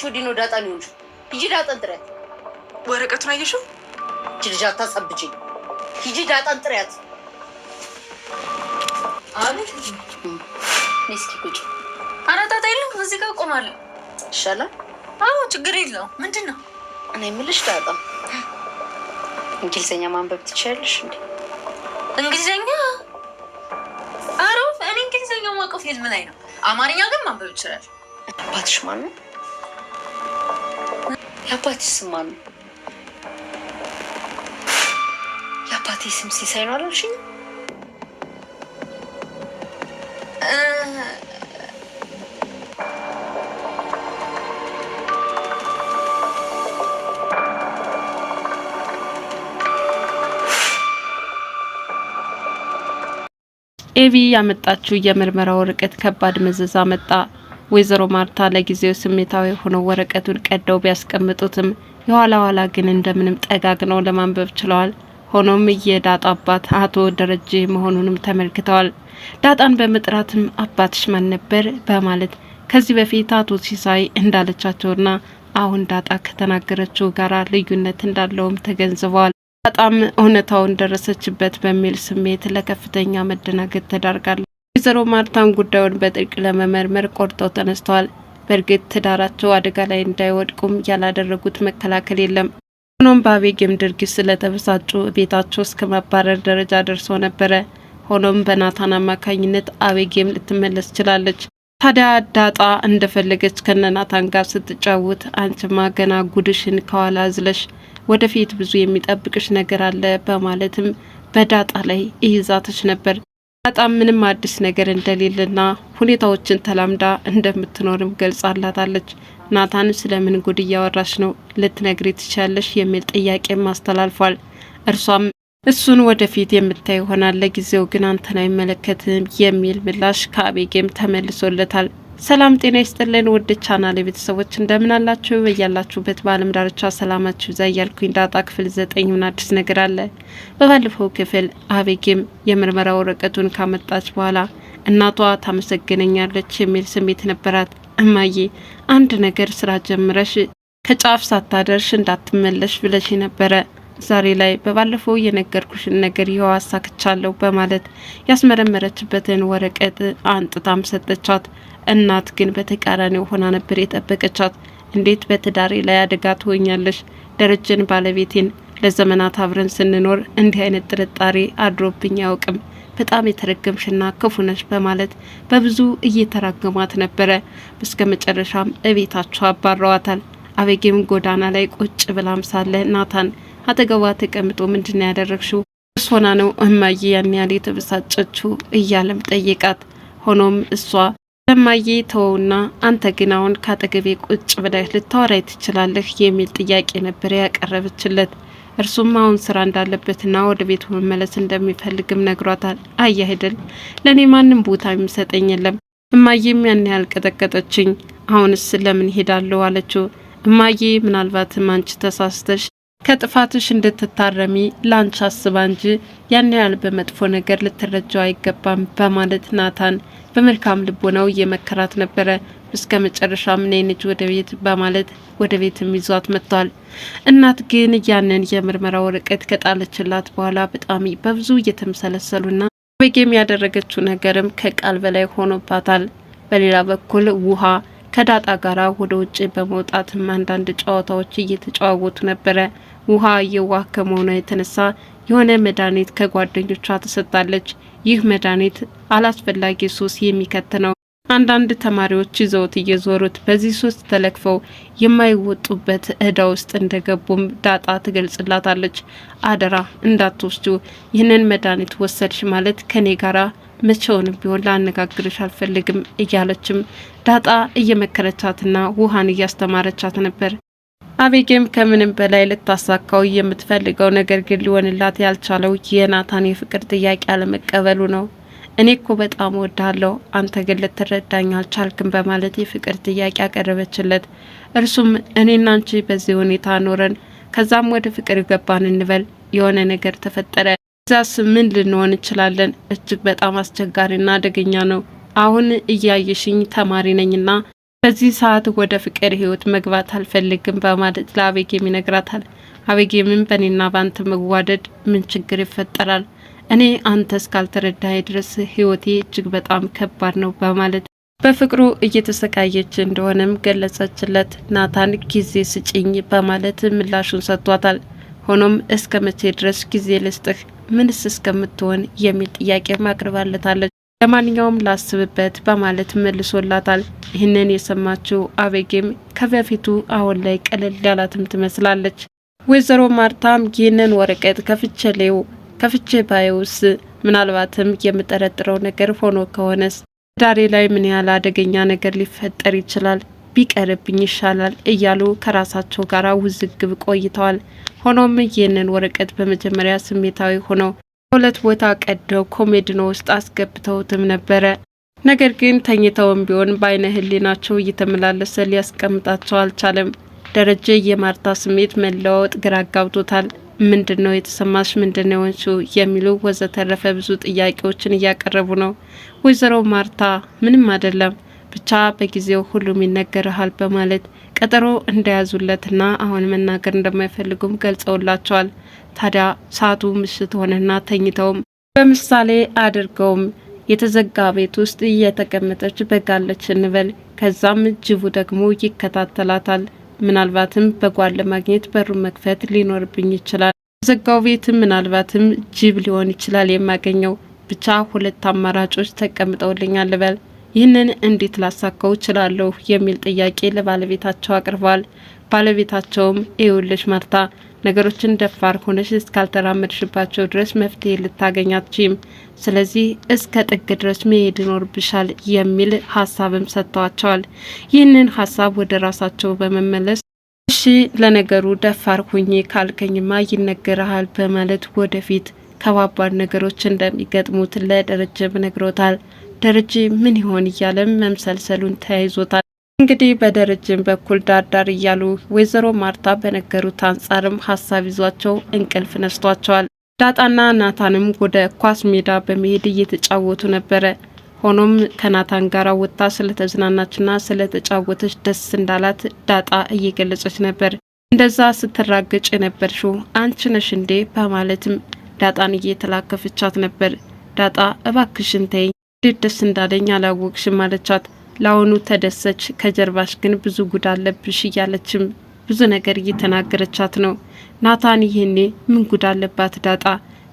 ከመጣች ወዲህ ነው ዳጣን ይሁንሽ ሂጂ ዳጣን ጥሪያት ወረቀቱን አየሽው እች ልጅ አታሳብችኝ ሂጂ ዳጣን ጥሪያት አቤት እስኪ ቁጭ ኧረ ዳጣ የለም እዚህ ጋር እቆማለሁ ይሻላል አዎ ችግር የለው ምንድን ነው እኔ የምልሽ ዳጣ እንግሊዝኛ ማንበብ ትችያለሽ እንዴ እንግሊዝኛ አሮፍ። እኔ እንግሊዝኛ ማቀፍ የለም ላይ ነው አማርኛ ግን ማንበብ ይችላል አባትሽ ማነው የአባቴ ስም ማን ነው? የአባቴ ስም ሲሳይ ነው አላልሽኝ? ያመጣችው የምርመራ ወረቀት ከባድ መዘዝ አመጣ። ወይዘሮ ማርታ ለጊዜው ስሜታዊ ሆነው ወረቀቱን ቀደው ቢያስቀምጡትም የኋላ ኋላ ግን እንደምንም ጠጋግነው ለማንበብ ችለዋል። ሆኖም የዳጣ አባት አቶ ደረጀ መሆኑንም ተመልክተዋል። ዳጣን በመጥራትም አባትሽ ማን ነበር በማለት ከዚህ በፊት አቶ ሲሳይ እንዳለቻቸውና አሁን ዳጣ ከተናገረችው ጋር ልዩነት እንዳለውም ተገንዝበዋል። በጣም እውነታውን ደረሰችበት በሚል ስሜት ለከፍተኛ መደናገጥ ተዳርጋለች። ወይዘሮ ማርታም ጉዳዩን በጥልቅ ለመመርመር ቆርጠው ተነስተዋል። በእርግጥ ትዳራቸው አደጋ ላይ እንዳይወድቁም ያላደረጉት መከላከል የለም። ሆኖም በአቤጌም ድርጊት ስለተበሳጩ ቤታቸው እስከ ማባረር ደረጃ ደርሶ ነበረ። ሆኖም በናታን አማካኝነት አቤጌም ልትመለስ ችላለች። ታዲያ ዳጣ እንደፈለገች ከነናታን ጋር ስትጫወት አንችማ ገና ጉድሽን ከኋላ ዝለሽ ወደፊት ብዙ የሚጠብቅሽ ነገር አለ በማለትም በዳጣ ላይ እይዛተች ነበር። በጣም ምንም አዲስ ነገር እንደሌለና ሁኔታዎችን ተላምዳ እንደምትኖርም ገልጻላታለች። ናታን ስለምን ጉድ እያወራሽ ነው ልትነግሪ ትችያለሽ የሚል ጥያቄም አስተላልፏል። እርሷም እሱን ወደፊት የምታይ ይሆናል፣ ለጊዜው ግን አንተን አይመለከትም የሚል ምላሽ ከአቤጌም ተመልሶለታል። ሰላም ጤና ይስጥልን ውድ ቻናል የቤተሰቦች እንደምን አላችሁ? እያላችሁበት በአለም ዳርቻ ሰላማችሁ ዛ እያልኩኝ ዳጣ ክፍል ዘጠኝ ምን አዲስ ነገር አለ? በባለፈው ክፍል አቤጌም የምርመራ ወረቀቱን ካመጣች በኋላ እናቷ ታመሰግነኛለች የሚል ስሜት ነበራት። እማዬ አንድ ነገር ስራ ጀምረሽ ከጫፍ ሳታደርሽ እንዳትመለሽ ብለሽ ነበረ ዛሬ ላይ በባለፈው የነገርኩሽን ነገር ይኸው አሳክቻለሁ በማለት ያስመረመረችበትን ወረቀት አንጥታም ሰጠቻት። እናት ግን በተቃራኒው ሆና ነበር የጠበቀቻት። እንዴት በትዳሬ ላይ አደጋ ትሆኛለሽ? ደረጀን ባለቤቴን ለዘመናት አብረን ስንኖር እንዲህ አይነት ጥርጣሬ አድሮብኝ አያውቅም። በጣም የተረገምሽና ክፉ ነሽ በማለት በብዙ እየተራገሟት ነበረ። እስከ መጨረሻም እቤታቸው አባረዋታል። አቤጌም ጎዳና ላይ ቁጭ ብላም ሳለ ናታን አጠገቧ ተቀምጦ ምንድን ነው ያደረግሽው? እሷና ነው እማዬ ያን ያህል የተበሳጨችው እያለም ጠየቃት። ሆኖም እሷ ለማዬ ተወውና አንተ ግን አሁን ካጠገቤ ቁጭ ብለህ ልታወራይ ትችላለህ የሚል ጥያቄ ነበር ያቀረበችለት። እርሱም አሁን ስራ እንዳለበትና ወደ ቤቱ መመለስ እንደሚፈልግም ነግሯታል። አያ አይደል ለእኔ ማንም ቦታ የሚሰጠኝ የለም እማዬም ያን ያህል ቀጠቀጠችኝ። አሁንስ ለምን ሄዳለሁ አለችው። እማዬ ምናልባትም አንቺ ተሳስተሽ ከጥፋትሽ እንድትታረሚ ላንቺ አስባ እንጂ ያን ያህል በመጥፎ ነገር ልትረጃው አይገባም በማለት ናታን በመልካም ልቦናው እየመከራት ነበረ። እስከ መጨረሻ ነይ ወደ ቤት በማለት ወደ ቤትም ይዟት መጥቷል። እናት ግን ያንን የምርመራ ወረቀት ከጣለችላት በኋላ በጣም በብዙ እየተመሰለሰሉና በጌም ያደረገችው ነገርም ከቃል በላይ ሆኖባታል። በሌላ በኩል ውሃ ከዳጣ ጋራ ወደ ውጭ በመውጣትም አንዳንድ ጨዋታዎች እየተጨዋወቱ ነበረ። ውሃ እየዋህ ከመሆኗ የተነሳ የሆነ መድኃኒት ከጓደኞቿ ተሰጣለች። ይህ መድኃኒት አላስፈላጊ ሱስ የሚከት ነው። አንዳንድ ተማሪዎች ይዘውት እየዞሩት በዚህ ሱስ ተለክፈው የማይወጡበት እዳ ውስጥ እንደገቡም ዳጣ ትገልጽላታለች። አደራ እንዳትወስዱ፣ ይህንን መድኃኒት ወሰድሽ ማለት ከኔ ጋራ መቼውንም ቢሆን ላነጋግርሽ አልፈልግም እያለችም ዳጣ እየመከረቻትና ውሃን እያስተማረቻት ነበር። አቤጌም ከምንም በላይ ልታሳካው የምትፈልገው ነገር ግን ሊሆንላት ያልቻለው የናታን የፍቅር ጥያቄ አለመቀበሉ ነው። እኔ እኮ በጣም ወዳለሁ፣ አንተ ግን ልትረዳኝ አልቻልክም በማለት የፍቅር ጥያቄ አቀረበችለት። እርሱም እኔና አንቺ በዚህ ሁኔታ ኖረን ከዛም ወደ ፍቅር ገባን እንበል የሆነ ነገር ተፈጠረ፣ እዛስ ምን ልንሆን እንችላለን? እጅግ በጣም አስቸጋሪና አደገኛ ነው። አሁን እያየሽኝ ተማሪ ነኝና በዚህ ሰዓት ወደ ፍቅር ህይወት መግባት አልፈልግም በማለት ለአቤጌም ይነግራታል። አቤጌምም በእኔና በአንተ መዋደድ ምን ችግር ይፈጠራል? እኔ አንተ እስካልተረዳህ ድረስ ህይወቴ እጅግ በጣም ከባድ ነው በማለት በፍቅሩ እየተሰቃየች እንደሆነም ገለጸችለት። ናታን ጊዜ ስጭኝ በማለት ምላሹን ሰጥቷታል። ሆኖም እስከ መቼ ድረስ ጊዜ ልስጥህ? ምንስ እስከምትሆን የሚል ጥያቄ ማቅርባለታለች። ለማንኛውም ላስብበት በማለት መልሶላታል። ይህንን የሰማችው አቤጌም ከበፊቱ አሁን ላይ ቀለል ያላትም ትመስላለች። ወይዘሮ ማርታም ይህንን ወረቀት ከፍቼሌው ከፍቼ ባየውስ ምናልባትም የምጠረጥረው ነገር ሆኖ ከሆነስ ዳሬ ላይ ምን ያህል አደገኛ ነገር ሊፈጠር ይችላል ቢቀርብኝ ይሻላል እያሉ ከራሳቸው ጋር ውዝግብ ቆይተዋል። ሆኖም ይህንን ወረቀት በመጀመሪያ ስሜታዊ ሆነው ከሁለት ቦታ ቀደው ኮሜድኖ ውስጥ አስገብተውትም ነበረ። ነገር ግን ተኝተውም ቢሆን በአይነ ህሊናቸው እየተመላለሰ ሊያስቀምጣቸው አልቻለም። ደረጀ የማርታ ስሜት መለዋወጥ ግራ አጋብቶታል። ምንድን ነው የተሰማሽ? ምንድን ነው የሆንሽው? የሚሉ ወዘተረፈ ብዙ ጥያቄዎችን እያቀረቡ ነው። ወይዘሮ ማርታ ምንም አይደለም ብቻ በጊዜው ሁሉም ይነገርሃል በማለት ቀጠሮ እንደያዙለትና አሁን መናገር እንደማይፈልጉም ገልጸውላቸዋል። ታዲያ ሰዓቱ ምሽት ሆነና ተኝተውም በምሳሌ አድርገውም የተዘጋ ቤት ውስጥ እየተቀመጠች በጋለች እንበል። ከዛም ጅቡ ደግሞ ይከታተላታል። ምናልባትም በጓን ለማግኘት በሩ መክፈት ሊኖርብኝ ይችላል። የተዘጋው ቤት ምናልባትም ጅብ ሊሆን ይችላል የማገኘው። ብቻ ሁለት አማራጮች ተቀምጠውልኛል ልበል ይህንን እንዴት ላሳካው እችላለሁ የሚል ጥያቄ ለባለቤታቸው አቅርቧል። ባለቤታቸውም ይኸውልሽ ማርታ ነገሮችን ደፋር ሆነሽ እስካልተራመድሽባቸው ድረስ መፍትሄ ልታገኛችም፣ ስለዚህ እስከ ጥግ ድረስ መሄድ ይኖርብሻል የሚል ሀሳብም ሰጥተዋቸዋል። ይህንን ሀሳብ ወደ ራሳቸው በመመለስ እሺ ለነገሩ ደፋር ሁኜ ካልከኝማ ይነገርሃል በማለት ወደፊት ከባባድ ነገሮች እንደሚገጥሙት ለደረጀ ነግሮታል። ደረጀ ምን ይሆን እያለም መምሰልሰሉን ተያይዞታል። እንግዲህ በደረጀም በኩል ዳርዳር እያሉ ወይዘሮ ማርታ በነገሩት አንጻርም ሀሳብ ይዟቸው እንቅልፍ ነስቷቸዋል። ዳጣና ናታንም ወደ ኳስ ሜዳ በመሄድ እየተጫወቱ ነበረ። ሆኖም ከናታን ጋር ወጥታ ስለተዝናናችና ስለተጫወተች ደስ እንዳላት ዳጣ እየገለጸች ነበር። እንደዛ ስትራገጭ የነበርሽው አንቺ ነሽ እንዴ? በማለትም ዳጣን እየተላከፈቻት ነበር። ዳጣ እባክሽን ተይኝ እንዴት ደስ እንዳለኝ አላወቅሽም አለቻት። ለአሁኑ ተደሰች፣ ከጀርባሽ ግን ብዙ ጉድ አለብሽ እያለችም ብዙ ነገር እየተናገረቻት ነው። ናታን ይህኔ ምን ጉድ አለባት ዳጣ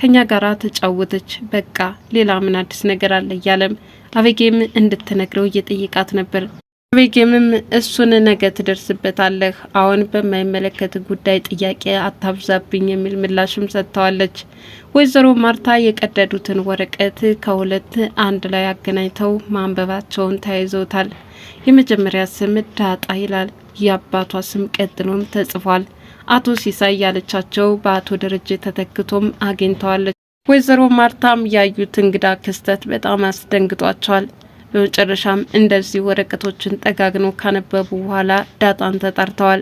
ከኛ ጋር ተጫወተች፣ በቃ ሌላ ምን አዲስ ነገር አለ እያለም አበጌም እንድትነግረው እየጠየቃት ነበር። ቤጌምም እሱን ነገ ትደርስበታለህ፣ አሁን በማይመለከት ጉዳይ ጥያቄ አታብዛብኝ የሚል ምላሽም ሰጥተዋለች። ወይዘሮ ማርታ የቀደዱትን ወረቀት ከሁለት አንድ ላይ አገናኝተው ማንበባቸውን ተያይዘውታል። የመጀመሪያ ስም ዳጣ ይላል፣ የአባቷ ስም ቀጥሎም ተጽፏል። አቶ ሲሳይ ያለቻቸው በአቶ ደረጀ ተተክቶም አግኝተዋለች። ወይዘሮ ማርታም ያዩት እንግዳ ክስተት በጣም አስደንግጧቸዋል። በመጨረሻም እንደዚህ ወረቀቶችን ጠጋግኖ ካነበቡ በኋላ ዳጣን ተጣርተዋል።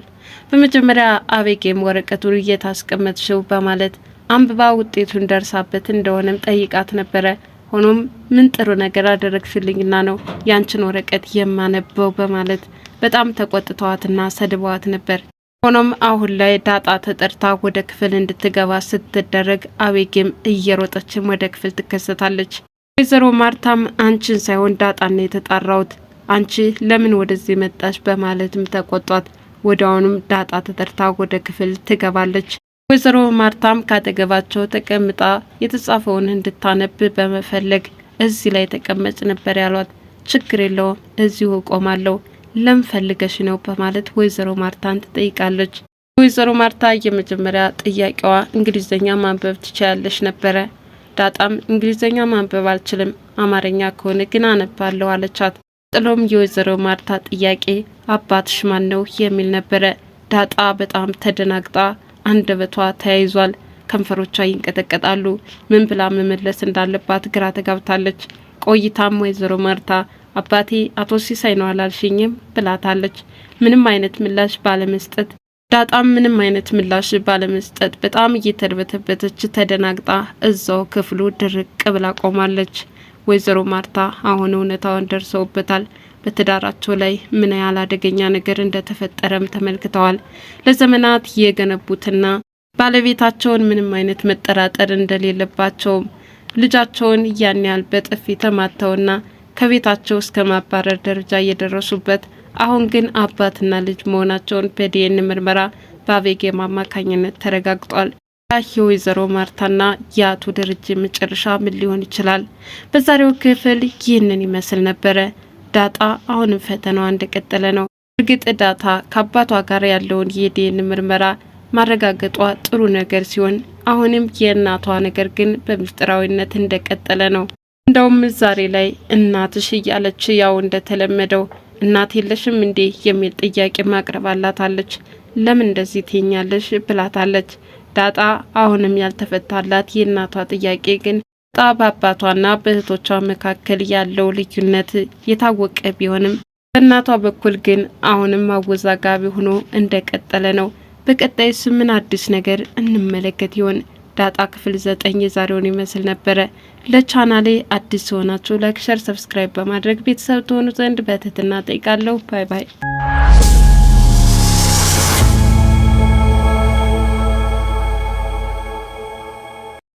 በመጀመሪያ አቤጌም ወረቀቱን እየታስቀመጥሽው በማለት አንብባ ውጤቱን ደርሳበት እንደሆነም ጠይቃት ነበረ። ሆኖም ምን ጥሩ ነገር አደረግሽልኝና ነው ያንችን ወረቀት የማነበው በማለት በጣም ተቆጥተዋትና ሰድበዋት ነበር። ሆኖም አሁን ላይ ዳጣ ተጠርታ ወደ ክፍል እንድትገባ ስትደረግ አቤጌም እየሮጠችም ወደ ክፍል ትከሰታለች። ወይዘሮ ማርታም አንቺን ሳይሆን ዳጣን ነው አንቺ ለምን ወደዚህ መጣሽ? በማለትም ተቆጧት። ወዲያውኑም ዳጣ ተጠርታ ወደ ክፍል ትገባለች። ወይዘሮ ማርታም ካጠገባቸው ተቀምጣ የተጻፈውን እንድታነብ በመፈለግ እዚህ ላይ ተቀመጭ ነበር ያሏት። ችግር የለውም እዚሁ እቆማለሁ፣ ለምን ፈልገሽ ነው? በማለት ወይዘሮ ማርታን ትጠይቃለች። ወይዘሮ ማርታ የመጀመሪያ ጥያቄዋ እንግሊዝኛ ማንበብ ትችያለሽ ነበረ ዳጣም እንግሊዝኛ ማንበብ አልችልም፣ አማርኛ ከሆነ ግን አነባለሁ አለቻት። ጥሎም የወይዘሮ ማርታ ጥያቄ አባትሽ ማን ነው የሚል ነበረ። ዳጣ በጣም ተደናግጣ አንደበቷ ተያይዟል፣ ከንፈሮቿ ይንቀጠቀጣሉ። ምን ብላ መመለስ እንዳለባት ግራ ተጋብታለች። ቆይታም ወይዘሮ ማርታ አባቴ አቶ ሲሳይ ነው አላልሽኝም? ብላታለች። ምንም አይነት ምላሽ ባለመስጠት ዳጣም ምንም አይነት ምላሽ ባለመስጠት በጣም እየተርበተበተች ተደናግጣ እዛው ክፍሉ ድርቅ ብላ ቆማለች። ወይዘሮ ማርታ አሁን እውነታውን ደርሰውበታል። በትዳራቸው ላይ ምን ያህል አደገኛ ነገር እንደተፈጠረም ተመልክተዋል። ለዘመናት የገነቡትና ባለቤታቸውን ምንም አይነት መጠራጠር እንደሌለባቸውም ልጃቸውን ያን ያህል በጥፊ ተማተውና ከቤታቸው እስከ ማባረር ደረጃ እየደረሱበት አሁን ግን አባትና ልጅ መሆናቸውን በዲኤን ምርመራ በአቤጌም አማካኝነት ተረጋግጧል። የወይዘሮ ማርታና የአቶ ደረጀ መጨረሻ ምን ሊሆን ይችላል? በዛሬው ክፍል ይህንን ይመስል ነበረ። ዳጣ አሁንም ፈተናዋ እንደቀጠለ ነው። እርግጥ ዳታ ከአባቷ ጋር ያለውን የዲኤን ምርመራ ማረጋገጧ ጥሩ ነገር ሲሆን አሁንም የእናቷ ነገር ግን በምስጢራዊነት እንደቀጠለ ነው። እንደውም ዛሬ ላይ እናትሽ እያለች ያው እንደተለመደው እናት የለሽም እንዴ የሚል ጥያቄ ማቅረብ አላታለች ለምን እንደዚህ ትኛለሽ ብላታለች። ዳጣ አሁንም ያልተፈታላት የእናቷ ጥያቄ ግን ጣ በአባቷና በእህቶቿ መካከል ያለው ልዩነት የታወቀ ቢሆንም በእናቷ በኩል ግን አሁንም አወዛጋቢ ሆኖ እንደቀጠለ ነው። በቀጣይስ ምን አዲስ ነገር እንመለከት ይሆን? ዳጣ ክፍል ዘጠኝ የዛሬውን ይመስል ነበረ። ለቻናሌ አዲስ ሲሆናችሁ ላይክ፣ ሸር፣ ሰብስክራይብ በማድረግ ቤተሰብ ትሆኑ ዘንድ በትህትና ጠይቃለሁ። ባይ ባይ።